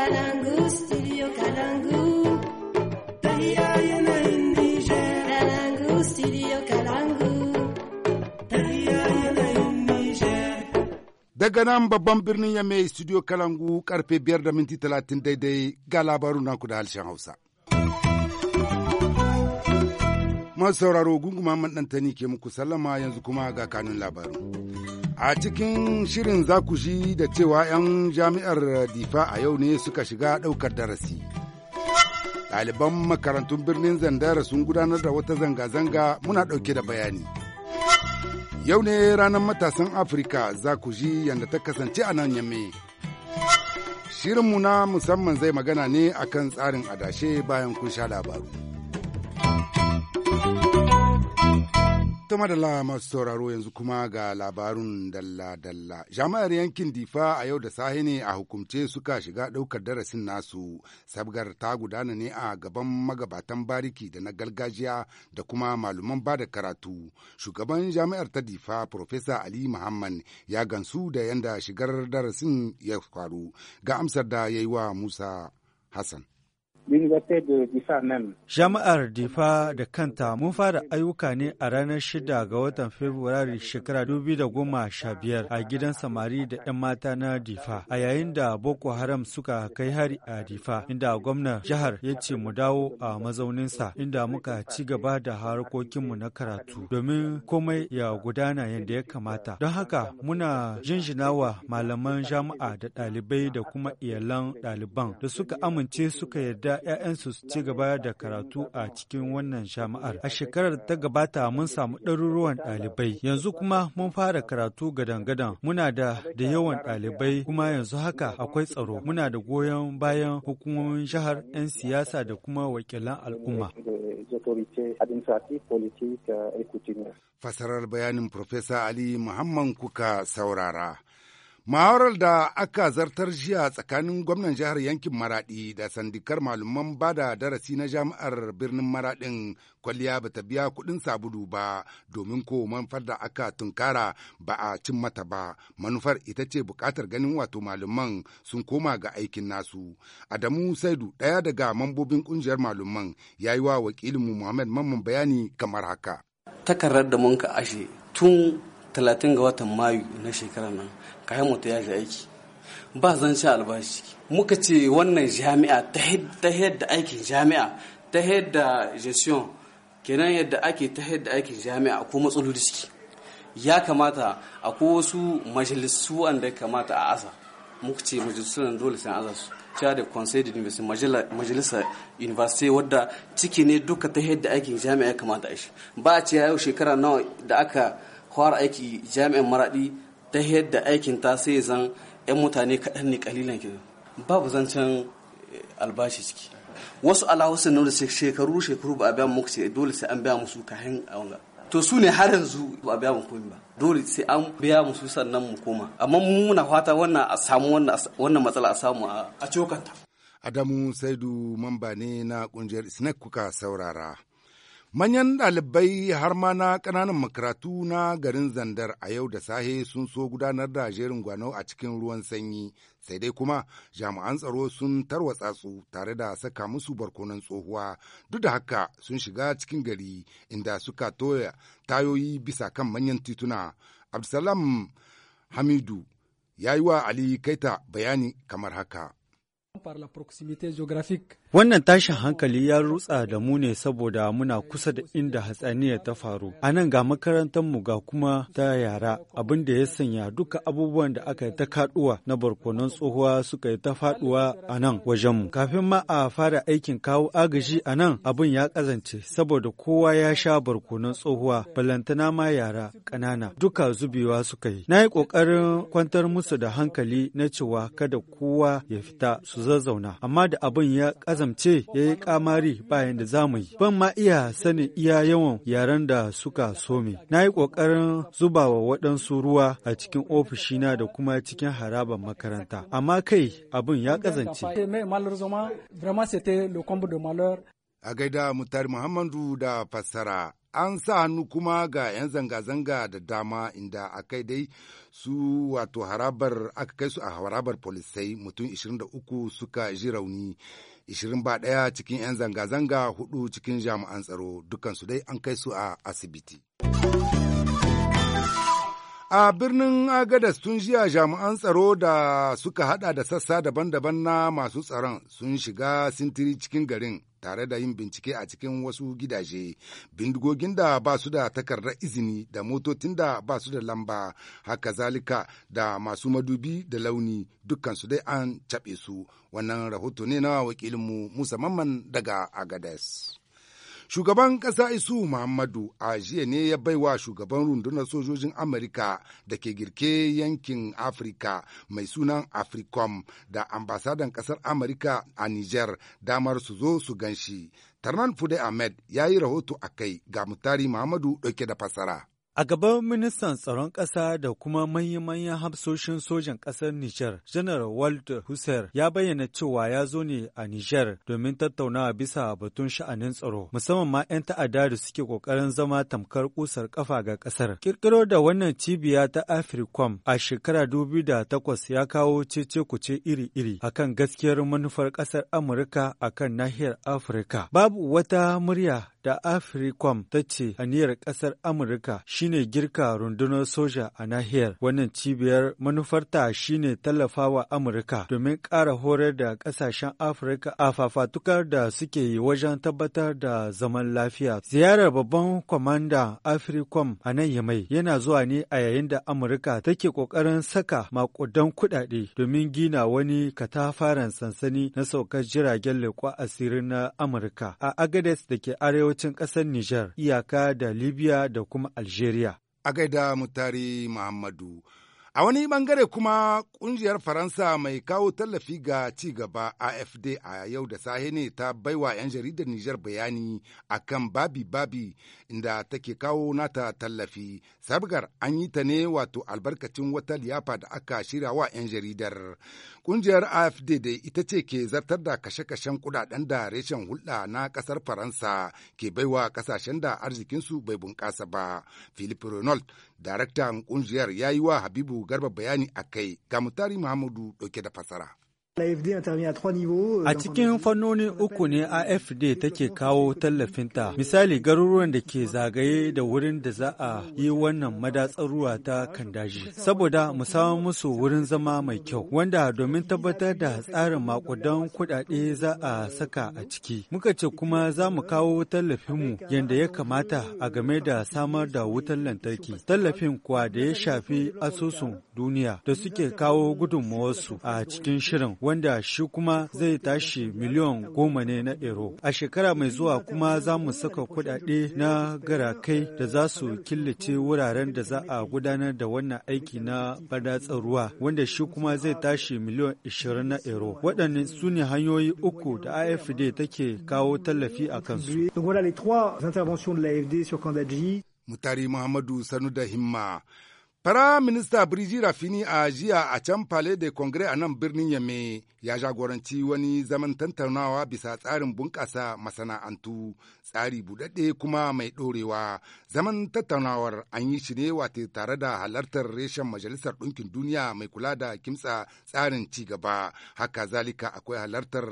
Kalangu, Daga nan babban birnin ya mai studio Kalangu karfe biyar da minti talatin daidai ga labaru naku da harshen Hausa. Masu sauraro gunguma ni ke muku sallama yanzu kuma ga kanun labaru. A cikin shirin za ku ji da cewa 'yan jami'ar Difa a yau ne suka shiga ɗaukar darasi. Ɗaliban makarantun birnin Zandara sun gudanar da wata zanga-zanga muna ɗauke da bayani. Yau ne ranar matasan Afirka za ku ji yadda ta kasance a nan yamme. Shirinmu na musamman zai magana ne akan tsarin adashe bayan kun sha labaru. ta madalla masu sauraro yanzu kuma ga labarun dalla-dalla jami'ar yankin difa a yau da sahi ne a hukumce suka shiga ɗaukar darasin nasu sabgar ta gudana ne a gaban magabatan bariki da na gargajiya da kuma maluman ba da karatu shugaban jami'ar ta difa profesa ali muhammad ya gansu da yanda shigar darasin ya faru ga amsar da ya yi wa musa hassan Jama'ar Difa da kanta mun fara ayyuka ne a ranar 6 ga watan Fabrairu shekara 2015 a gidan samari da 'yan mata na Difa a yayin da Boko Haram suka kai hari a Difa inda gwamna jihar ya ce mu dawo a mazauninsa inda muka ci gaba da harkokinmu na karatu domin komai ya gudana yadda ya kamata. Don haka muna jinjina wa malaman jami'a da ɗalibai da kuma iyalan ɗaliban da suka amince suka yarda ‘ya'yansu su ci gaba da karatu a cikin wannan jami'ar. A shekarar ta gabata mun samu ɗaruruwan ɗalibai, yanzu kuma mun fara karatu gadan-gadan. Muna da da yawan ɗalibai kuma yanzu haka akwai tsaro. Muna da goyon bayan hukumomin jihar, 'yan siyasa da kuma wakilan al'umma. Fasarar bayanin Profesa Ali Muhammad kuka saurara. Mahawarar da aka zartar jiya tsakanin gwamnan jihar yankin Maraɗi da sandikar malaman da darasi na jami'ar birnin Maraɗin kwalliya ba ta biya kuɗin sabulu ba domin ko manufar da aka tunkara ba a cin mata ba manufar ita ce buƙatar ganin wato malaman sun koma ga aikin nasu. Adamu Saidu ɗaya daga mambobin ƙungiyar malaman ya yi wa wakilinmu Muhammad Mamman bayani kamar haka. Takarar da mun ka ashe tun talatin ga watan Mayu na shekarar nan kayan mu ta yashi aiki ba zan ci albashi muka ce wannan jami'a ta yadda aikin jami'a ta yadda gestion kenan yadda ake ta yadda aikin jami'a ko matsaloli ciki ya kamata a ko wasu majalisu wanda kamata a asa muka ce majalisu nan dole sai aza su cewa da conseil de l'université majalisa université wadda ciki ne duka ta yadda aikin jami'a kamata a shi ba a ce yau shekara nawa da aka fara aiki jami'an maradi ta yadda aikin ta sai zan 'yan mutane kaɗan ne kalilan ke babu zancen eh, albashi ciki wasu alawusin nan da shekaru shekaru ba a biya muku ce dole sai an biya musu kahin a wanga to su ne har yanzu ba a biya mu komi ba dole sai an biya musu sannan mu koma amma mu muna fata wannan a samu wannan matsala a samu a cokanta Adamu Saidu mamba ne na kungiyar Snack kuka saurara. Manyan ɗalibai har ma na ƙananan makaratu na garin Zandar a yau da sahe sun so gudanar da jerin gwano a cikin ruwan sanyi, sai dai kuma jami'an tsaro sun tarwatsa su tare da saka musu barkonan tsohuwa. Duk da haka sun shiga cikin gari inda suka toya tayoyi bisa kan manyan tituna. Absalam Hamidu ya yi wa Ali Kaita bayani kamar haka. Par la proximité géographique Wannan tashin hankali ya rutsa da mu ne saboda muna kusa da inda hatsaniya ta faru. A nan ga makarantarmu ga kuma ta yara abin da ya sanya duka abubuwan da aka yi ta kaduwa na barkonon tsohuwa suka yi ta faduwa a nan wajenmu. Kafin ma a fara aikin kawo agaji a nan abin ya kazance saboda kowa ya sha barkonon tsohuwa balantana ma yara ƙanana duka zubewa suka yi. Na yi ƙoƙarin kwantar musu da hankali na cewa kada kowa ya fita su zazzauna amma da abin ya azamce ya yi kamari bayan da za mu yi. Ban ma iya sanin iya yawan yaren da suka so Na yi zuba wa waɗansu ruwa a cikin ofishina da kuma cikin harabar makaranta. Amma kai abin ya kazance. A gaida Mutari Muhammadu da fassara. an sa hannu kuma ga 'yan zanga-zanga da dama inda akai dai su wato harabar aka kai su a harabar polisai mutum 23 suka ji rauni ba ɗaya cikin 'yan zanga-zanga hudu cikin jami'an tsaro dukansu dai an kai su a asibiti. A birnin Agadas tun jiya jami'an tsaro da suka hada da sassa daban-daban na masu tsaron sun shiga sintiri cikin garin tare da yin bincike a cikin wasu gidaje bindigogin da ba su da takardar izini da motocin da ba su da lamba haka zalika da masu madubi da launi dukkansu dai an caɓe su wannan rahoto ne na wakilinmu musa mamman daga agades Shugaban ƙasa Isu Muhammadu a jiya ne ya baiwa shugaban rundunar sojojin Amurka da ke girke yankin Afirka mai sunan Africom da ambasadan ƙasar Amurka a Niger damar su zo su ganshi. Tarnan Fude Ahmed ya yi rahoto a kai ga Mutari Muhammadu ɗauke da fasara. A gaban ministan tsaron ƙasa da kuma manyan hafsoshin sojan ƙasar Nijar, Janar Walter Husser ya bayyana cewa ya zo ne a Nijar domin tattaunawa bisa batun sha'anin tsaro, musamman ma 'yan ta'adda da suke ƙoƙarin zama tamkar ƙusar ƙafa ga ƙasar. Ƙirƙiro da wannan cibiya ta Africom a shekara takwas ya kawo cece-kuce iri-iri akan gaskiyar manufar ƙasar Amurka akan nahiyar Afirka. Babu wata murya da Africom ta ce aniyar ƙasar Amurka shine girka rundunar soja a nahiyar. Wannan cibiyar manufarta shine tallafawa Amurka domin ƙara horar da ƙasashen Afirka a fafatukar da suke yi wajen tabbatar da zaman lafiya. Ziyarar babban kwamandan Africom a nan Yamai yana zuwa ne a yayin da Amurka take ƙoƙarin saka maƙudan kuɗaɗe domin gina wani katafaren sansani na saukar jiragen leƙo asirin na Amurka a Agadez da ke arewa arewacin ƙasar Nijar iyaka da Libya da kuma Algeria. A gaida mutari Muhammadu. A wani bangare kuma kungiyar Faransa mai kawo tallafi ga ci gaba AFD a yau da sahe ne ta baiwa 'yan jaridar Nijar bayani a kan babi-babi inda take kawo nata tallafi. Sabgar an yi ta ne wato albarkacin wata liyafa da aka shirya wa 'yan jaridar. Kungiyar AFD da ita ce ke zartar da kashe-kashen kudaden da reshen hulɗa na ƙasar Faransa ke baiwa ƙasashen da arzikinsu bai bunƙasa ba. Philip Renault daraktan kungiyar ya yi wa habibu garba bayani a kai ga mutari muhammadu dauke da fasara Euh, a cikin fannoni uku ne AFD take kawo tallafinta. Misali garuruwan da ke zagaye da wurin da za a yi wannan madatsar ruwa ta kandaji. Saboda mu samu musu wurin zama mai kyau, wanda domin tabbatar da tsarin makudan kuɗaɗe za a saka a ciki. Muka ce kuma za mu kawo tallafinmu yadda ya kamata a game da samar da wutar lantarki. Tallafin kuwa da ya shafi asusun duniya da suke kawo gudunmawarsu a cikin shirin wanda shi kuma zai tashi miliyan goma ne na ero. A shekara mai zuwa kuma za mu saka kuɗaɗe na garakai da za su killace wuraren da za a gudanar da wannan aiki na bada ruwa wanda shi kuma zai tashi miliyan 20 na ero. Waɗannan su ne hanyoyi uku da AFD take kawo tallafi a kansu. Mutari Muhammadu Sanu da Himma Firaminista Birji Rafini a jiya a can Palais de Congrès a nan birnin Yame ya jagoranci wani zaman tattaunawa bisa tsarin bunƙasa masana'antu tsari buɗaɗɗe kuma mai ɗorewa. Zaman tattaunawar an yi shi ne wata tare da halartar reshen Majalisar Ɗinkin Duniya mai kula da kimtsa tsarin ci gaba. Haka zalika akwai halartar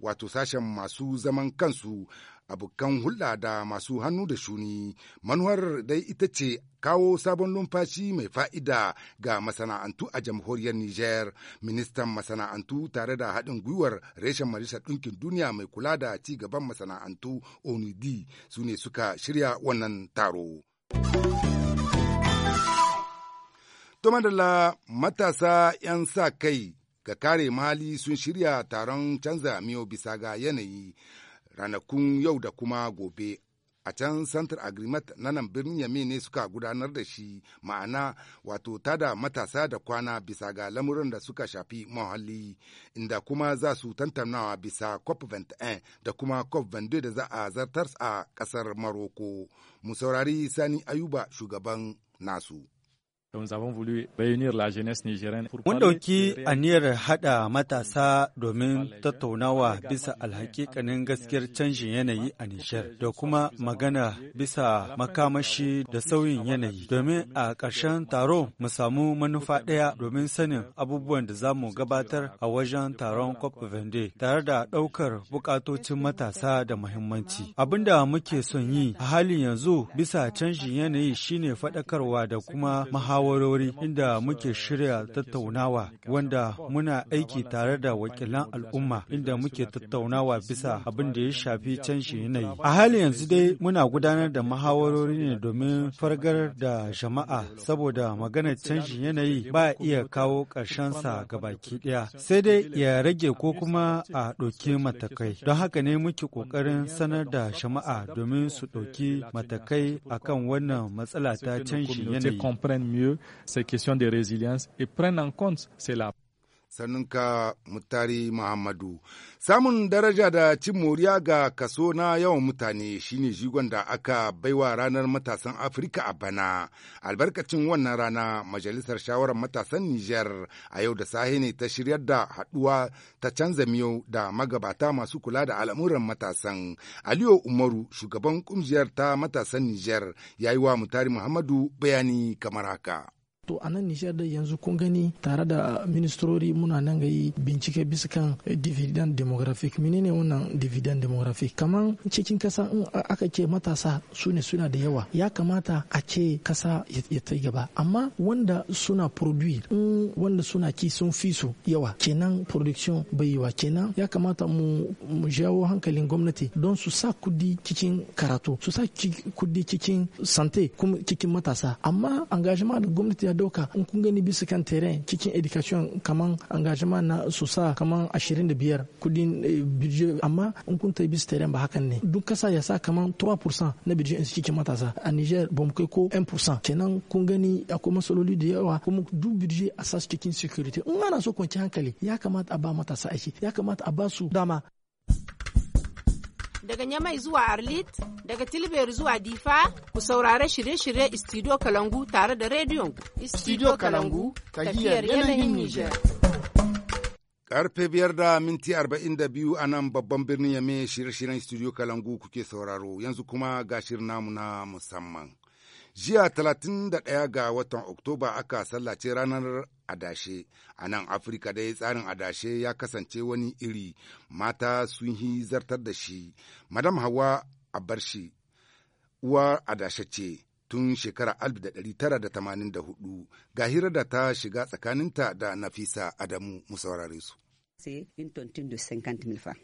wato sashen masu zaman kansu abokan hulɗa da masu hannu da shuni manuwar dai ita ce kawo sabon numfashi mai fa'ida ga masana'antu a jamhuriyar Nijar. Ministan masana'antu tare da haɗin gwiwar reshen Majalisar Ɗinkin Duniya mai kula da ci gaban masana'antu onidi su ne suka shirya wannan taro. matasa 'yan sa kai ga kare mali sun shirya taron canza miyo bisa ga yanayi ranakun yau da kuma gobe a can santar agreement na nan birnin yame ne suka gudanar da shi ma'ana wato tada matasa da kwana bisa ga lamurin da suka shafi muhalli inda kuma za su tantanawa bisa cop 21 da kuma cop 22 da za a zartar a kasar maroko musaurari sani ayuba shugaban nasu Mun ɗauki aniyar haɗa matasa domin tattaunawa bisa alhakikanin gaskiyar canjin yanayi a Nijar da kuma magana bisa makamashi da sauyin yanayi domin a ƙarshen taro mu samu manufa ɗaya domin sanin abubuwan da za mu gabatar a wajen taron COP20 tare da ɗaukar buƙatocin matasa da muhimmanci. Abin da muke son yi a halin yanzu bisa canjin yanayi shine faɗakarwa da kuma mahawa shawarori inda muke shirya tattaunawa wanda muna aiki tare da wakilan al'umma inda muke tattaunawa bisa abin da ya shafi canshi yanayi. A halin yanzu dai muna gudanar da mahawarori ne domin fargar da jama'a saboda maganar canshi yanayi ba iya kawo ƙarshensa baki ɗaya sai dai ya rage ko kuma a ɗauki matakai. Don haka ne muke ƙoƙarin sanar da jama'a domin su ɗauki matakai akan wannan matsala ta canshi yanayi. c'est ces questions de résilience et prennent en compte cela. sannunka mutari muhammadu samun daraja da cin moriya ga kaso na yawan mutane shine jigon da aka baiwa ranar matasan afirka a bana albarkacin wannan rana majalisar shawarar matasan Nijar a yau da sahi ne ta shiryar da haduwa ta canza miyau da magabata masu kula da al'amuran matasan aliyu umaru shugaban kungiyar ta matasan Nijar, ya yi wa mutari muhammadu bayani kamar haka To a nan Nijar da yanzu kun gani tare da ministrori muna nan ga yi bincike bisa kan dividend demographic. Menene wannan dividend demographic? kamar cikin kasa in aka ke matasa su ne suna da yawa. Ya kamata a ce kasa ya ta gaba. Amma wanda suna produce in wanda suna ki sun fi su yawa kenan production bai wa kenan ya kamata mu mu jawo hankalin gwamnati don su sa kudi cikin karatu su sa kudi cikin sante kuma cikin matasa amma engagement da gwamnati ga doka in kun gani bisa kan terrain cikin education kaman engagement na su sa kaman 25 kudin eh, budget amma in kun ta bisa terrain ba hakan ne duk kasa ya sa kaman 3% na budget su cikin matasa a Niger ba mu kai ko 1% kenan kun gani akwai masaloli da yawa kuma duk budget a sa cikin security in ana so kwanci hankali ya kamata a ba matasa aiki ya kamata a ba su dama daga Nyamai zuwa Arlit, daga Tilber zuwa Difa, ku saurare shirye-shirye Studio Kalangu tare da rediyon Studio Kalangu, tahiyar yanayin Nijar. Karfe biyar da minti arba'in da biyu a nan babban birnin Yame shirye-shiryen Studio Kalangu kuke sauraro, yanzu kuma ga shirin namu na musamman. Jiya ɗaya ga watan Oktoba aka sallace ranar adashe a nan afirka dai tsarin adashe ya kasance wani iri mata sun yi zartar da shi madam hawa a bar shi uwar adashe ce tun shekara 1984 ga hira da ta shiga tsakaninta da nafisa adamu mu saurare su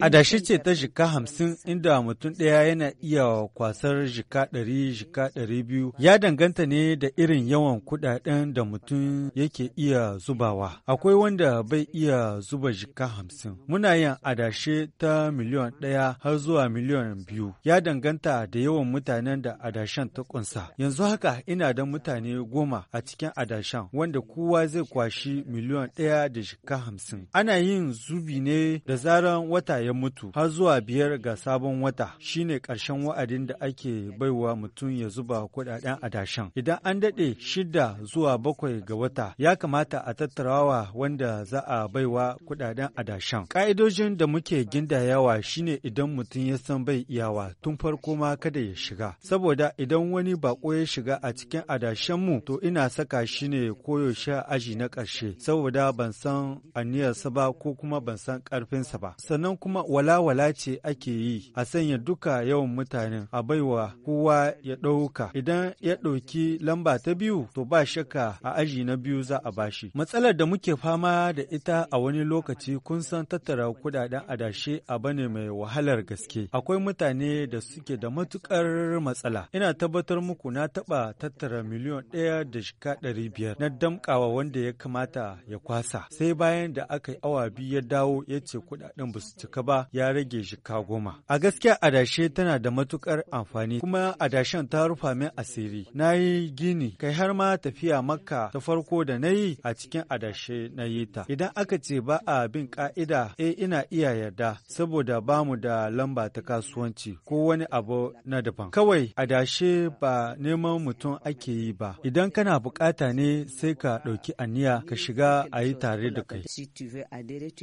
Adashi ce ta jika hamsin inda mutum ɗaya yana iya kwasar jika ɗari jika ɗari biyu ya danganta ne da irin yawan kuɗaɗen da mutum yake iya zubawa. Akwai wanda bai iya zuba jika hamsin. Muna yin adashe ta miliyon ɗaya har zuwa miliyon biyu ya danganta da yawan mutanen da adashen ta kunsa. Yanzu haka ina da mutane goma a cikin adashen wanda kowa zai kwashi miliyon ɗaya da jika hamsin. Ana yin zubi ne da zaran wata ya mutu har zuwa biyar ga sabon wata shine ƙarshen wa'adin da ake baiwa mutum ya zuba kuɗaɗen adashen. Idan an daɗe shida zuwa bakwai ga wata ya kamata a tattarawa wanda za a baiwa kuɗaɗen adashen. Ƙa'idojin da muke gindayawa shine idan mutum ya san bai iyawa tun farko ma kada ya shiga. Saboda idan wani baƙo ya shiga a cikin adashen mu to ina saka shi ne koyaushe aji na ƙarshe saboda ban san aniyarsa ba ko kuma kuma ban san ƙarfinsa ba. Sannan kuma walawala ce ake yi a sanya duka yawan mutanen a baiwa kowa ya ɗauka. Idan ya ɗauki lamba ta biyu to ba shakka a aji na biyu za a bashi. Matsalar da muke fama da ita a wani lokaci kun san tattara kudaden adashe abu ne mai wahalar gaske. Akwai mutane da suke da matukar matsala. Ina tabbatar muku na taɓa tattara miliyon ɗaya da shika ɗari biyar na damƙawa wanda ya kamata ya kwasa. Sai bayan da aka yi awa biyu ya dawo ya ce kudaden ba su cika ba ya rage shika goma. A gaskiya adashe tana da matukar amfani kuma adashen ta rufa min asiri. Na yi gini kai har ma tafiya makka ta farko da na yi a cikin adashe na yi ta. Idan aka ce ba a bin ka'ida eh ina iya yarda saboda ba mu da lamba ta kasuwanci ko wani abu na daban. Kawai adashe ba neman mutum ake yi ba. Idan kana bukata ne sai ka ɗauki aniya ka shiga a yi tare da kai.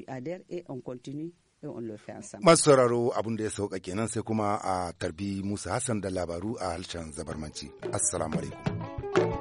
a dar et on continue et on le fait ensemble. Masu sauraro abin da ya sauka kenan sai kuma a tarbi Musa Hassan da labaru a halshen zabarmanci. Assalamu alaikum.